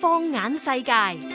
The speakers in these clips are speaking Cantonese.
放眼世界。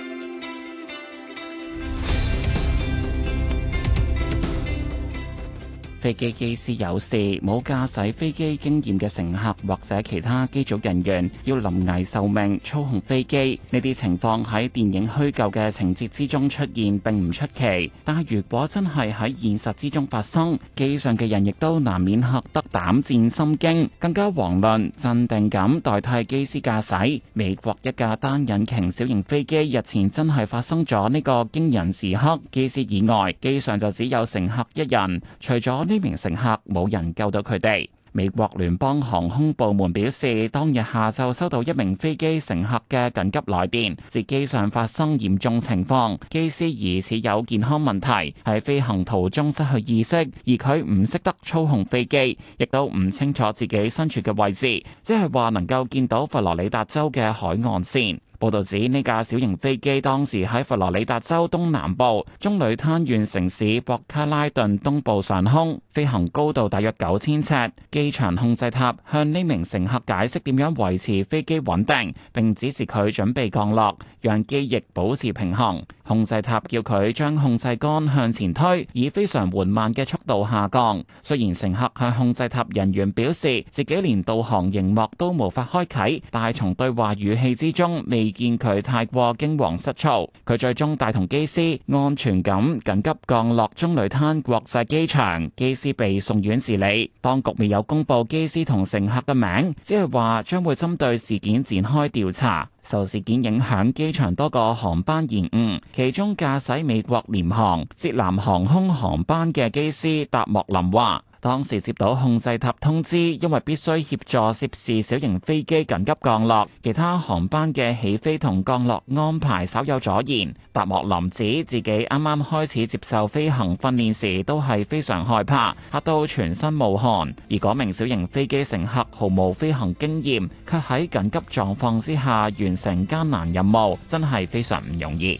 飛機機師有事，冇駕駛飛機經驗嘅乘客或者其他機組人員要臨危受命操控飛機，呢啲情況喺電影虛構嘅情節之中出現並唔出奇。但係如果真係喺現實之中發生，機上嘅人亦都難免嚇得膽戰心驚，更加遑論鎮定咁代替機師駕駛。美國一架單引擎小型飛機日前真係發生咗呢個驚人時刻，機師以外，機上就只有乘客一人，除咗呢，呢名乘客冇人救到佢哋。美國聯邦航空部門表示，當日下晝收到一名飛機乘客嘅緊急來電，飛機上發生嚴重情況，機師疑似有健康問題，喺飛行途中失去意識，而佢唔識得操控飛機，亦都唔清楚自己身處嘅位置，即係話能夠見到佛羅里達州嘅海岸線。報道指，呢架小型飛機當時喺佛羅里達州東南部棕櫚灘縣城市博卡拉頓東部上空，飛行高度大約九千尺。機場控制塔向呢名乘客解釋點樣維持飛機穩定，並指示佢準備降落，讓機翼保持平衡。控制塔叫佢將控制桿向前推，以非常緩慢嘅速度下降。雖然乘客向控制塔人員表示自己連導航熒幕都無法開啟，但係從對話語氣之中未見佢太過驚惶失措。佢最終帶同機師安全咁緊急降落棕櫚灘國際機場，機師被送院治理。當局未有公布機師同乘客嘅名，只係話將會針對事件展開調查。受事件影響，機場多個航班延誤，其中駕駛美國廉航捷藍航空航班嘅機師達莫林話。當時接到控制塔通知，因為必須協助涉事小型飛機緊急降落，其他航班嘅起飛同降落安排稍有阻延。達莫林指自己啱啱開始接受飛行訓練時，都係非常害怕，嚇到全身冒汗。而嗰名小型飛機乘客毫無飛行經驗，卻喺緊急狀況之下完成艱難任務，真係非常唔容易。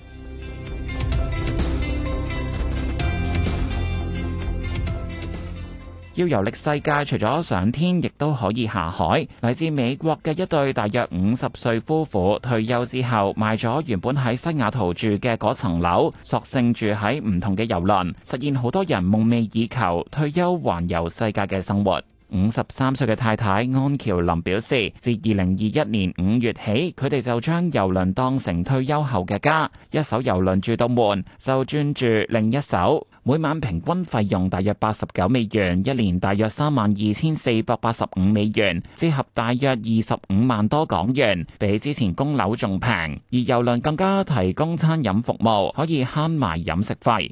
要遊歷世界，除咗上天，亦都可以下海。嚟自美國嘅一對大約五十歲夫婦退休之後賣咗原本喺西雅圖住嘅嗰層樓，索性住喺唔同嘅郵輪，實現好多人夢寐以求退休環遊世界嘅生活。五十三歲嘅太太安喬琳表示，自二零二一年五月起，佢哋就將郵輪當成退休後嘅家，一艘郵輪住到悶就轉住另一艘。每晚平均費用大約八十九美元，一年大約三萬二千四百八十五美元，折合大約二十五萬多港元，比之前供樓仲平，而郵輪更加提供餐飲服務，可以慳埋飲食費。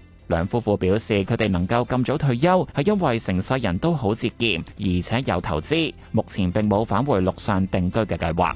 兩夫婦表示，佢哋能夠咁早退休係因為成世人都好節儉，而且有投資。目前並冇返回陸上定居嘅計劃。